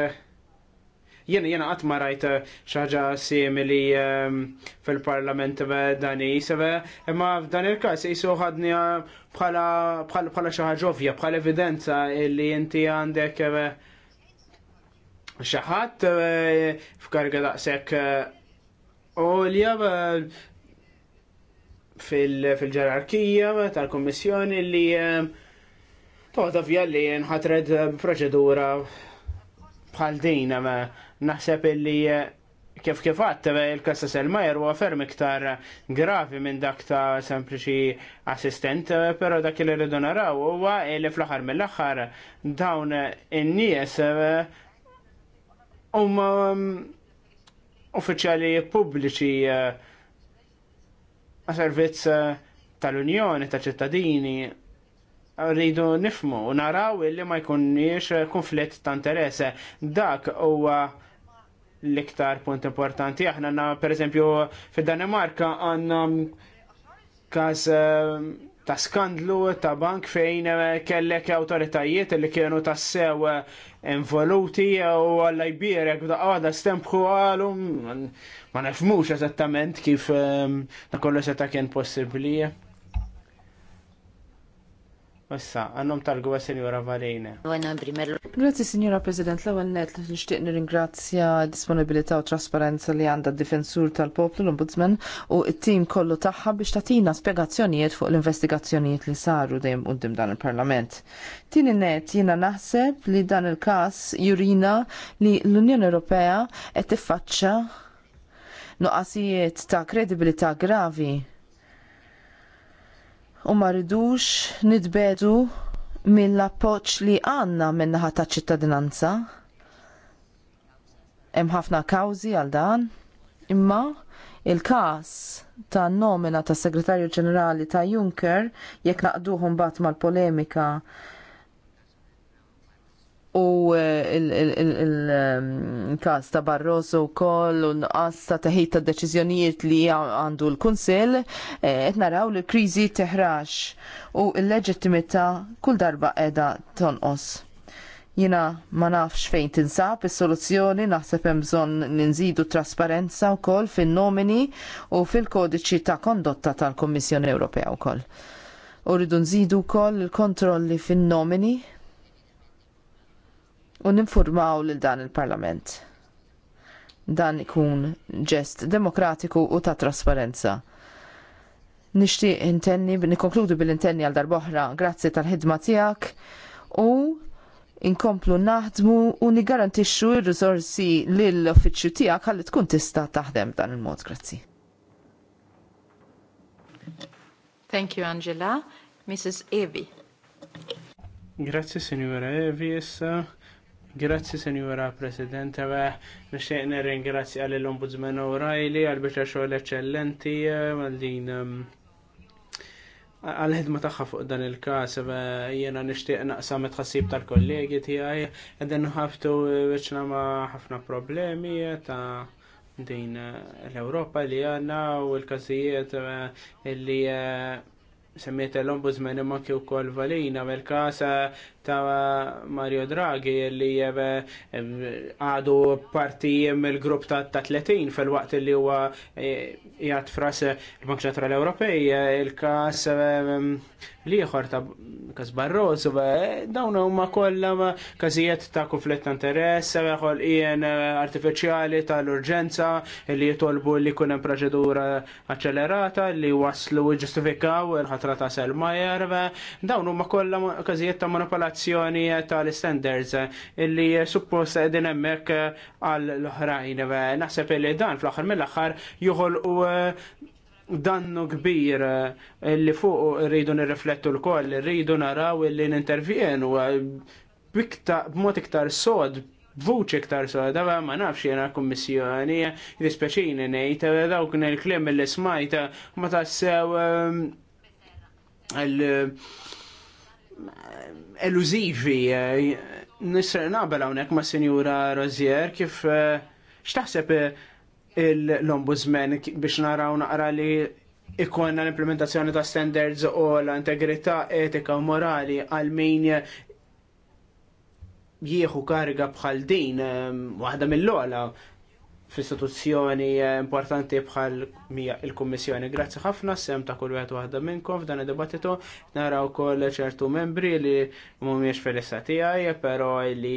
Jena jena għatma rajt eh, xaġa simili ehm, fil-parlament dani jisave, imma f'dan il-kas jisu ħadni eh, bħala xaħġa ovja, bħala evidenza li inti għandek eh, xaħat f'karga daqsek u li fil-ġerarkija tal-kommissjoni li Toħda vja li nħatred proċedura bħal din, naħseb illi eh, kif kif għatt eh, il-kassa Selmajer huwa ferm ktar gravi minn dak ta' sempliċi assistent, eh, pero dak li rridu naraw huwa li fl axar mill-aħħar dawn in-nies huma mm, uffiċjali pubbliċi a servizz tal-Unjoni, ta' ċittadini, rridu nifmu u naraw li ma jkunniex konflitt ta' interess. Dak huwa l-iktar punt importanti. Aħna na per eżempju fid-Danimarka għanna każ eh, ta' skandlu ta' bank fejn eh, kellek awtoritajiet li kienu tassew eh, involuti u għall-ajbirek da' għada stempħu għalu ma nafmux eżattament kif na' kollu seta' kien possibbli. Issa, għannom tal-għu Għanna primer. Grazie, senjora President, l għal net li nishtiq nir-ingrazzja disponibilità u trasparenza li għanda difensur tal-poplu l-Ombudsman u it-tim kollu taħħa biex tatina spiegazzjonijiet fuq l-investigazzjonijiet li saru dejjem qudiem dan il-Parlament. Tini net jiena naħseb li dan il-kas jurina li l-Unjoni Ewropea qed tiffaċċa noqasijiet ta' kredibilità gravi u ma rridux mill-appoċ li għanna naħa ta' ċittadinanza. Hemm ħafna kawżi għal dan, imma il-każ ta' nomina ta' Segretarju Ġenerali ta' Juncker jekk naqduhom bat mal-polemika u eh, il-kas ehm, ta' Barroso wkoll u nqas ta' teħid ta' deċiżjonijiet li għandu l-Kunsill eh, qed naraw li kriżi teħrax u l-leġittimità kull darba qiegħda tonqos. Jina ma nafx fejn tinsab is-soluzzjoni naħseb hemm bżonn ninżidu trasparenza wkoll fin-nomini u fil-kodiċi ta' kondotta tal-Kummissjoni Ewropea wkoll. U rridu nżidu wkoll il-kontrolli fin-nomini u ninformaw lil dan il-Parlament. Dan ikun ġest demokratiku u ta' trasparenza. Nixtieq intenni, nikonkludu bil-intenni għal darboħra, grazzi tal-ħidma tiegħek u inkomplu naħdmu u nigarantixxu r rizorsi lill-offiċċju tiegħek għalli tkun tista' taħdem dan il-mod. Grazzi. Thank you, Angela. Mrs. Evi. Grazie, signora Evi. Grazzi, Senjora President, nixtieq nirringrazzja lill ombudsman O'Reilly għal-bicċa xogħol eccellenti ehm, għal din ehm, għal-ħidma tagħha fuq dan il-każ jiena nixtieq naqsam it-ħassib tal-kollegi tiegħi qegħdin nħabtu wiċċna ma' ħafna problemi ta' din eh, l-Ewropa li għandna u l-każijiet li eh, semmiet l-ombudsman imma kif ukoll valina mill kasa eh, ta' Mario Draghi li għadu parti mill-grupp ta' 30 fil-waqt li huwa e, jgħat fras il-Bank Ċentrali Ewropej, e, il-kas e, liħor ta' kas Barroso, dawn huma kollha każijiet ta' konflitt ta' interess, ħol ien artifiċjali tal-urġenza li jitolbu li kunem hemm proċedura aċċelerata li waslu ġustifikaw il-ħatra ta' Selmajer, dawn huma kollha każijiet ta' manipolazzjoni l-applikazzjoni tal-standards illi suppost din hemmhekk għal l-oħrajn. Naħseb illi dan fl-aħħar mill-aħħar u eh, dannu kbir eh, illi fuq rridu nirriflettu l-koll, rridu naraw illi n-intervjenu eh, b'mod iktar sod, b'vuċi iktar sod, dawa ma nafx jena kommissjoni, jispeċini nejt, dawk il-klim l smajt, ma tassew Eluzivi, eh, Nisser nabel hawnhekk ma' Sinjura Rozier kif eh, x'taħseb eh, l-ombudsman biex naraw naqra li ikonna l-implementazzjoni ta' standards u l-integrità etika u morali għal min jieħu kariga bħal din waħda mill-ola f'istituzzjoni importanti bħal il-Kummissjoni. Grazzi ħafna sem ta' kull wieħed waħda minnkom f'dan id-dibattitu. Naraw ukoll ċertu membri li mhumiex fil-issa tiegħi, però li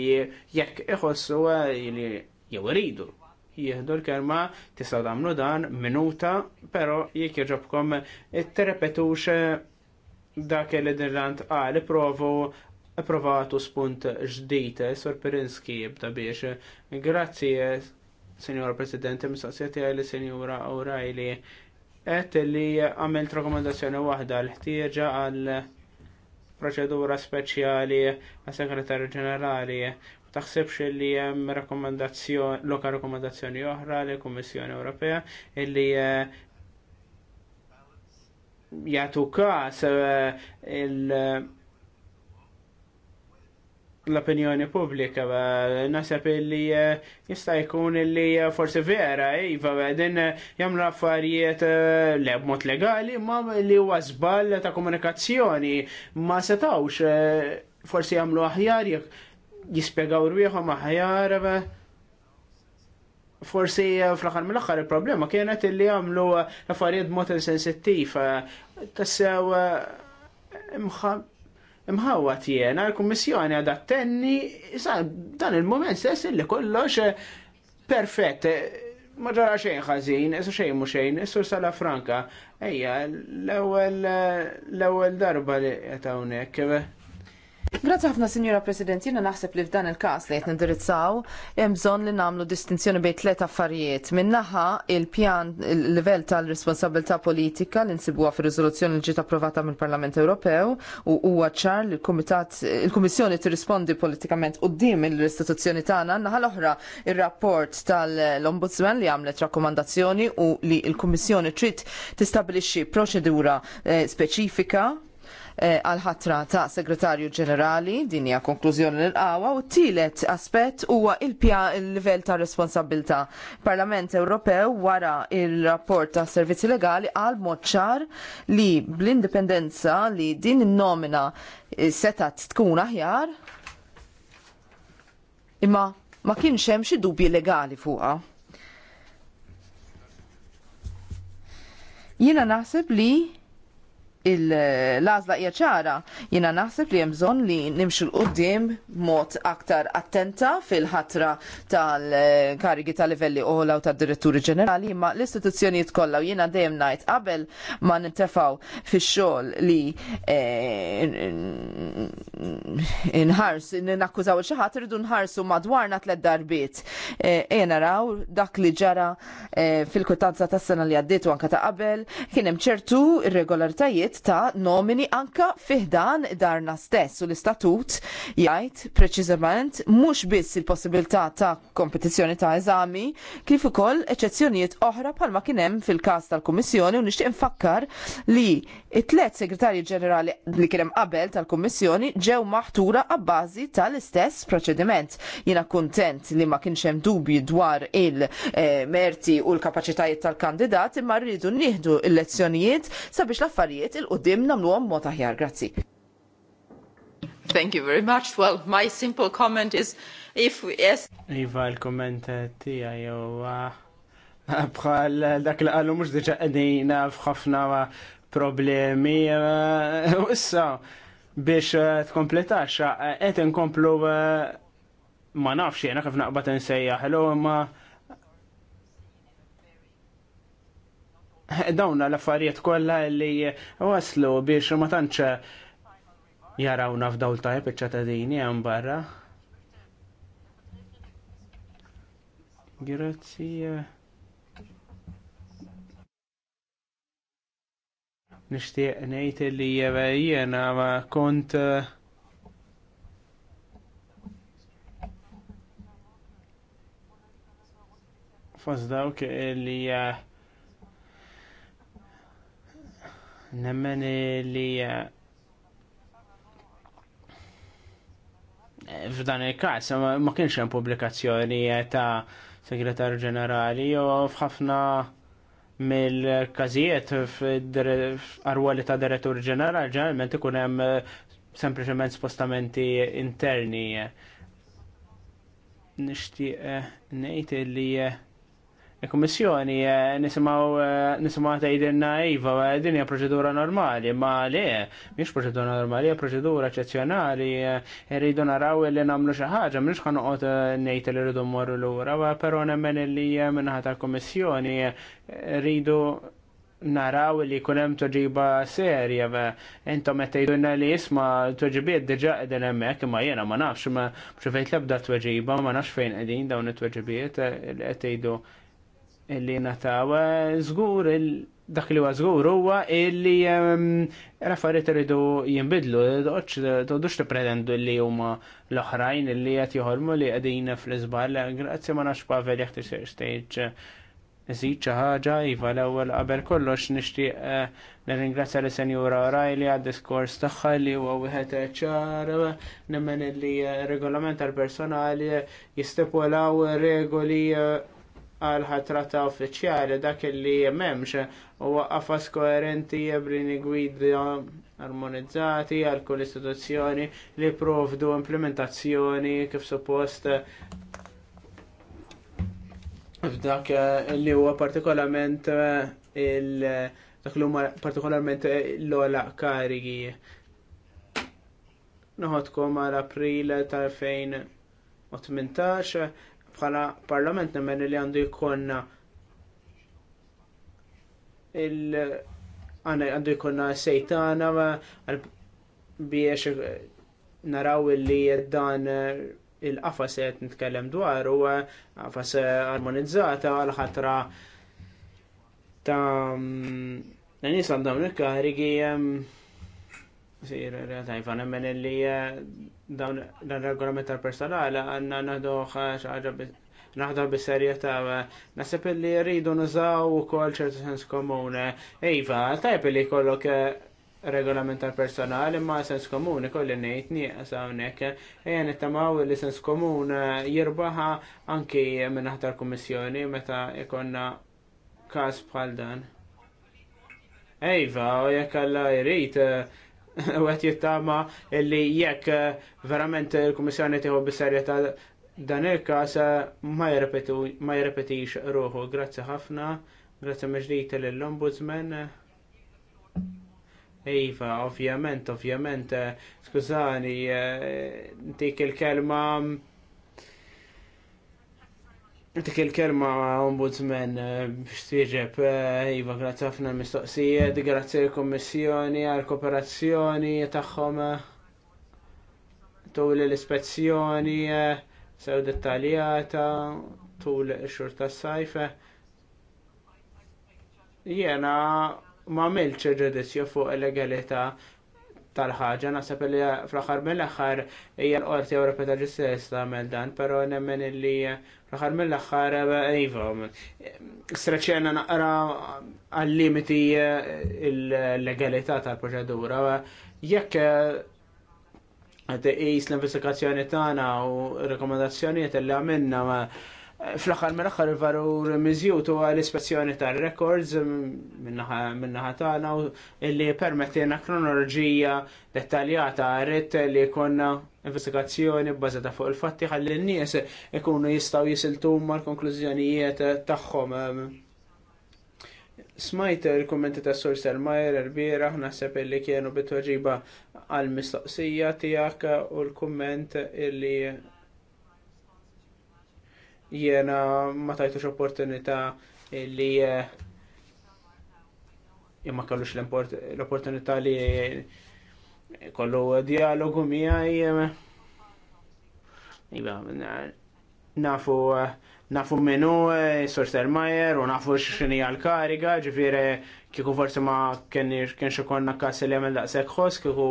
jekk iħossu li jew iridu jieħdu l-kelma tistgħu tagħmlu dan minuta, però jekk jogħġobkom terepetux dak li dirlant qal provu provatu spunt ġdid, Sor Pirinski jibda biex. Grazzi Senjora Presidente, mistoqsijati għaj li Senjora O'Reilly, għet li għamilt rekomendazzjoni wahda l-ħtieġa għal proċedura speċjali għas segretarju ġenerali. Taħsibx li hemm rekomendazzjoni, loka rekomendazzjoni oħra li Kummissjoni Ewropea illi eh, jagħtu każ eh, il- l-opinjoni publika Nasab li eh, jista' jkun li eh, forsi vera, eh, iva, din jagħmlu affarijiet le b'mod legali, ma li huwa żball ta' komunikazzjoni ma setawx forsi jagħmlu aħjar jekk jispjegaw rwieħhom aħjar forsi fl-axar mill-axar il-problema kienet li jagħmlu affarijiet mod insensittiv. Tassew imħab mħawwa tiena l-Kummissjoni għad attenni sa dan il-moment stess li kollox eh, perfett. Ma ġara xejn ħażin, issa xejn mhux xejn, isu sala franka. Ejja, l-ewwel eh, l-ewwel darba li qed hawnhekk. Grazzi ħafna, Signora President, jina naħseb li f'dan il-kas li qed nindirizzaw hemm bżonn li nagħmlu distinzjoni bejn tliet affarijiet. Minnaħa il-pjan il-livell tal-responsabilità politika li nsibuha fir-riżoluzzjoni li ġiet approvata mill-Parlament Ewropew u huwa ċar li kumitat il-Kummissjoni tirrispondi politikament quddiem l-istituzzjoni tagħna. Naħa l-oħra ir-rapport tal-Ombudsman li għamlet rakkomandazzjoni u li l-Kummissjoni trid tistabilixxi proċedura eh, speċifika Eh, għal-ħatra ta' segretarju ġenerali, din hija konklużjoni l-qawa, u t-tielet aspett huwa il-pja il-livell ta' responsabilta. Parlament Ewropew wara il-rapport ta' servizzi legali għal moċċar li bl-indipendenza li din nomina eh, setat tkun aħjar imma ma kienx hemm xi dubji legali fuqha. Jiena naħseb li il-lazla hija ċara, jiena naħseb li hemm bżonn li nimxu l qudiem mod aktar attenta fil-ħatra tal-karigi tal livelli oħla u tad-diretturi ġenerali, imma l-istituzzjonijiet kollha u jiena dejjem ngħid qabel ma nintefgħu fix-xogħol li eh, inħars nakkużaw xi ħadd irridu nħarsu madwarna tliet darbiet. E eh, raw dak li ġara eh, fil-kutanza tas-sena li għaddiet u anke ta' qabel kien hemm ċertu irregolaritajiet pożizzjonijiet ta' nomini anka fiħdan darna stess u l-istatut jgħid preċiżament mhux biss il-possibilità ta' kompetizzjoni ta' eżami kif ukoll eċezzjonijiet oħra bħalma kien hemm fil-każ tal-Kummissjoni u nixtieq infakkar li it-tliet segretarji ġenerali li kien hemm qabel tal-Kummissjoni ġew maħtura għabbażi tal-istess proċediment. Jiena kuntent li ma kienx hemm dubji dwar il-merti eh, u l-kapaċitajiet tal-kandidat imma rridu nieħdu l-lezzjonijiet sabiex l-affarijiet il-qudiem għom mot aħjar. Grazzi. Thank you very much. Well, my simple comment is if we yes. Iva l-komment tija jowa bħal dak li għallu mux diġa għedina f'ħafna problemi. Eh, issa biex eh, t-kompleta, xa, eh, qed komplu ma nafx jiena kif naqbad insejjaħ hello, ma dawna l-affarijiet kollha li waslu biex ma tantx jarawna f'dawl tajb iċ-ċatadini hemm barra. Grazzi. Nixtieq nejt li jena ma kont eh, Fos dawk li uh, Nemmen li eh, f'dan il-każ ma kienx hemm pubblikazzjoni eh, ta' Segretar ġenerali u f'ħafna mill-każijiet f'arwali ta' direttur ġenerali ġeneralment ikun hemm eh, sempliċement spostamenti interni. Nixtieq ngħid li Il-Kommissjoni eh, nisimaw eh, nisimaw ta' idinna Iva, eh, din hija proċedura normali, ma le, mhix proċedura normali, hija proċedura eċċezzjonali, rridu naraw li nagħmlu xi ħaġa, mhux kan noqgħod ngħid li rridu mmorru lura, però nemmen li minnaħa tal-Kommissjoni rridu naraw li kunem toġiba serja, entom qed tgħidulna li isma toġibiet diġà qegħdin hemmhekk, imma jiena ma nafx ma b'xi fejn l toġiba, ma nafx fejn qegħdin dawn it-toġibiet qed tgħidu illi nataw zgur dak li huwa żgur huwa illi ehm, raffariet iridu jinbidlu, doċ pretendu li huma l-oħrajn illi qed joħolmu li qegħdin fl-iżbar li grazzi ma nax Pavel jaħtix stage eh, Nżid xi ħaġa iva l-ewwel qabel kollox nixtieq eh, nirringrazzja lis senjura Rajli għad-diskors tagħha li huwa wieħed ċar nemmen li eh, regolament tal-personali jistipulaw regoli għal ħatra ta' uffiċjali dak li m'hemmx u għafas koerenti jebrini gwida armonizzati għal kull istituzzjoni li provdu implementazzjoni kif suppost f'dak eh, li huwa partikolarment eh, il dak li huma partikolarment eh, l-ola karigi. Noħodkom għal April tal-2018 bħala parlament nemmen li għandu jkollna il għandu jkollna sejtana biex naraw li dan il-qafas nitkellem dwar u qafas armonizzata għal ħatra ta' nis għandhom il-karigi Sir, tajfa, nemmen li eh, dan regolament tal-personali għanna naħduħ xaħġa naħdar bis-serjetà nasib li rridu nużaw ukoll ċertu sens komune. E iva, tajb li jkollok regolament tal-personali imma sens komuni kolli ngħid nieqas hawnhekk. Ejja nittamaw e li sens komun jirbaħa anki minn aħtar kummissjoni meta ikonna każ bħal dan. Ejva, jekk alla jrid u għet jittama li jekk eh, verament il-Komissjoni tiħu bis dan il-kas eh, ma jirrepetix ruħu. Grazie ħafna, Grazie meġdijt l-Ombudsman. Iva, ovvjament, ovvjament, eh, skużani, ntik il-kelma mm, Dik il-kelma ombudsman eh, biex tiġeb, eh, iva grazzi ħafna l-mistoqsijiet, grazzi l-Kommissjoni għal-kooperazzjoni tagħhom eh, tul l-ispezzjoni sew dettaljata tul ix-xhur tas-sajf. Jena ma milċ ġedizzju fuq il legalità tal-ħaġa, naħseb li fl-aħħar mill-aħħar hija l-Qorti Ewropea tal Ġustizzja tagħmel dan, però nemmen li fl-aħħar mill-aħħar iva. Streċena naqra għal-limiti il-legalità tal-proċedura. Jekk għad l-investigazzjoni tagħna u rekomendazzjonijiet li għamilna fl-axar mill-axar il-varur miżjud u l-ispezzjoni tal records minnaħa tagħna u li permettina kronoloġija dettaljata rrit li konna investigazzjoni bbażata fuq il-fatti ħalli n-nies ikunu jistgħu jisiltu mal-konklużjonijiet tagħhom. Smajt il-kommenti ta' Sur Selmajer erbira, naħseb li kienu bitweġiba għal-mistoqsija tiegħek u l-komment illi jena ma tajtux opportunità li eh, imma kellux l-opportunità li kollu dialogu miegħi eh, Iba, nafu nafu minu eh, Sorter Mayer u nafu xini għal-kariga, ġifieri kiku forse ma kien ikonna kas li għamil daqshekk xos kiku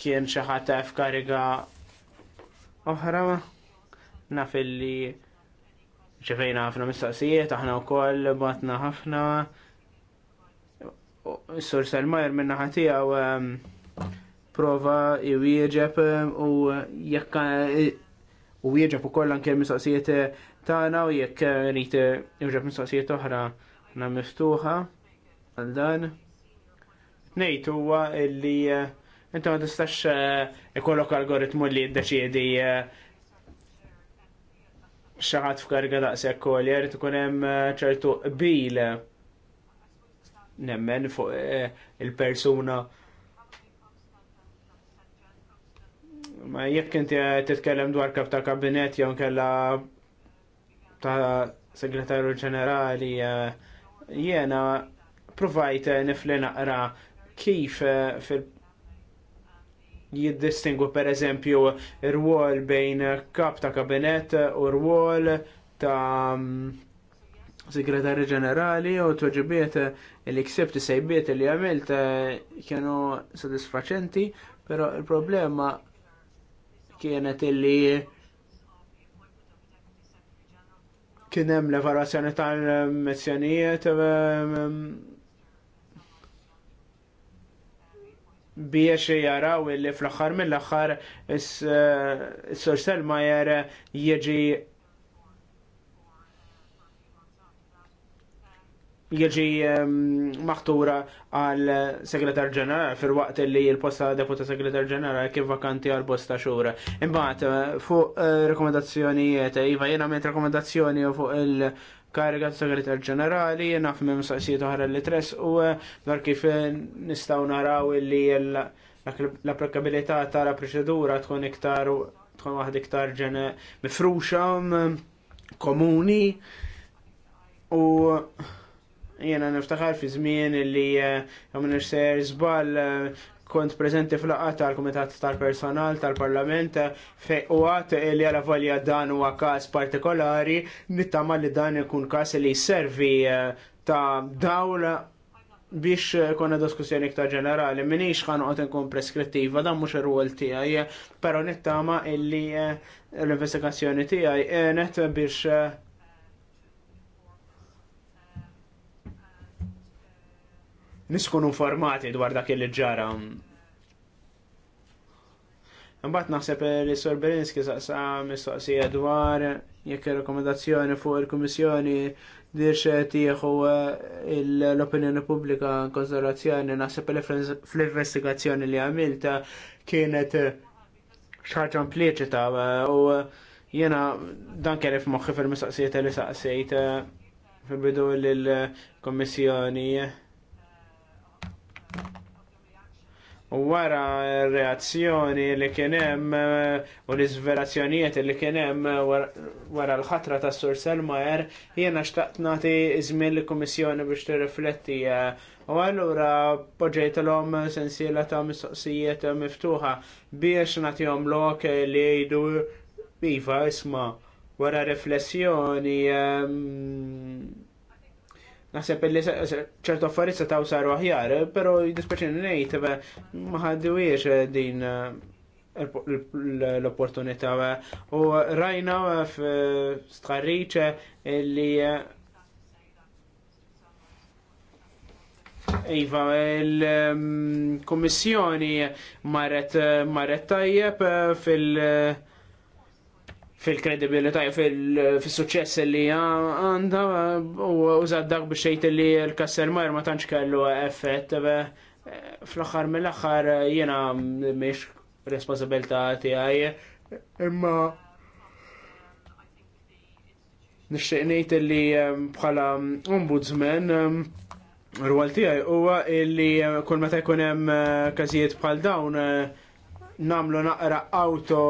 kien xi ħadd kariga oħra naf illi ċevejna ħafna mistaqsijiet, aħna u koll batna ħafna. Sur Selmajer minna ħatija um, um, u prova uh, u wieġeb u jekka u wieġeb u koll anke mistaqsijiet tagħna u jekk uh, rrit uh, jieġeb mistaqsijiet oħra na miftuħa għal dan. Nejt huwa illi inti ma tistax ikollok algoritmu li jiddeċiedi xaħat f'karga daqshekk kolier tkun hemm eh, ċertu qbil nemmen fuq eh, il-persuna ma jekk inti titkellem dwar kap ta' kabinet jew kella ta' segretarju ġenerali eh, jiena provajt nifli naqra kif fil- jiddistingu per eżempju rwol bejn kap ta' kabinet u rwol ta' segretari ġenerali u toġibiet li ksibt sejbiet li għamilt eh, kienu sodisfaċenti, pero il-problema kienet illi kien hemm l-evaluazzjoni tal-missjonijiet eh, biex jaraw li fl-axar mill-axar s-sur eh, Selma jara jieġi jieġi ehm, maħtura għal segretar ġenerali fil waqt li l-posta deputa segretar ġenerali kif vakanti għal bosta xura. Imbagħad eh, fuq eh, rekomendazzjonijiet, iva jiena ment rekomendazzjoni fuq il- kariga segretar ġenerali, naf minn saqsijiet oħra li tres u eh, dar kif eh, nistaw naraw li l-applikabilità ta' la proċedura tkun iktar tkun waħd iktar ġen mifruxa mm, komuni u Jena niftakar fi żmien li eh, għamil ser zbal eh, kont prezenti fl-laqqa tal-Kumitat tal-Personal tal-Parlament eh, fej u għat li għala valja dan huwa każ partikolari nittama li dan ikun każ li servi ta' dawla biex konna diskussjoni iktar ġenerali, minix xan għot nkun preskrittiva, dan mux ir-rol tijaj, pero nittama illi l-investigazzjoni tijaj, net biex niskun informati dwar dak li ġara. Mbagħad naħseb li Sor Berinski saqsa mistoqsija dwar jekk ir-rakkomandazzjoni fuq il-Kummissjoni dirx tieħu eh, l-opinjoni pubblika konsiderazzjoni naħseb li fl-investigazzjoni li għamilta kienet ċarta eh, ampliċita eh, u jena dan kien f'moħħi fil-mistoqsijiet li saqsejt fil-bidu l kummissjoni U wara reazzjoni li kien hemm eh, u l-izverazzjonijiet li kien hemm eh, wara l-ħatra ta' Sur Selmajer, jiena xtaqt nagħti żmien li kummissjoni biex t-rifletti eh, U allura om sensiela ta' mistoqsijiet miftuħa biex nagħtihom lok li jgħidu iva isma' wara riflessjoni ehm, Naħseb li ċertu affarijiet se taw saru aħjar, però jiddispeċini ngħid ma ħaddiwiex din eh, l-opportunità u rajna f'stħarriċ eh, li eh, Iva, il-Kommissjoni mm, marret, marret tajjeb fil- fil-kredibilità fil suċċess li għanda u użad dak biex jgħid li l-kasser mar ma tantx kellu effett fl-aħħar mill-aħħar jiena mhix responsabilità tiegħi imma nixtieq ngħid li bħala ombudsman rwal tiegħi huwa li kull meta jkun hemm eh, każijiet bħal dawn eh, namlu naqra auto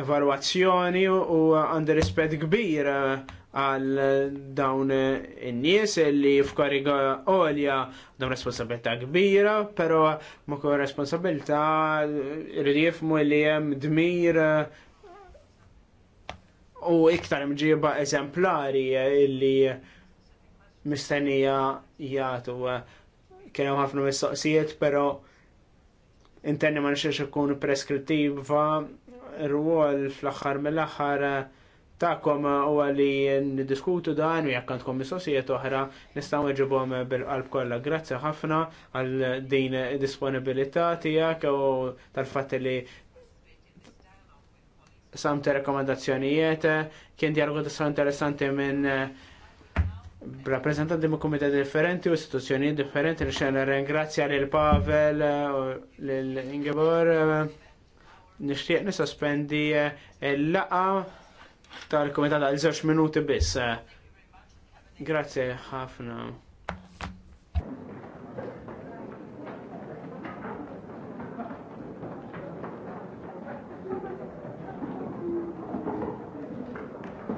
evalwazzjoni u għandi rispet kbir eh, għal dawn eh, in-nies li f'kariga għolja dawn responsabilità kbira, pero ma kol responsabilità eh, irrid jifmu li hemm dmir u iktar mġiba eżemplari illi mistennija jgħatu. Kien hemm ħafna mistoqsijiet, pero intenni ma nxiex ikun preskrittiva r-wol fl-axar mill-axar ta'kom u għalli n-diskutu dan u jekk għandkom mistoqsijiet oħra nistgħu nġibhom bil-qalb kollha. Grazzi ħafna għal din disponibilità tiegħek u tal-fatt li samte rekomendazzjonijiet kien dialogu tista' interessanti minn rappresentanti ma' komitet differenti u istituzzjoni differenti li xena ringrazzja lil Pavel u lil Ingeborg nixtieq nisospendi eh, l-laqa tal komitata għal żewġ minuti biss. Eh, grazie ħafna.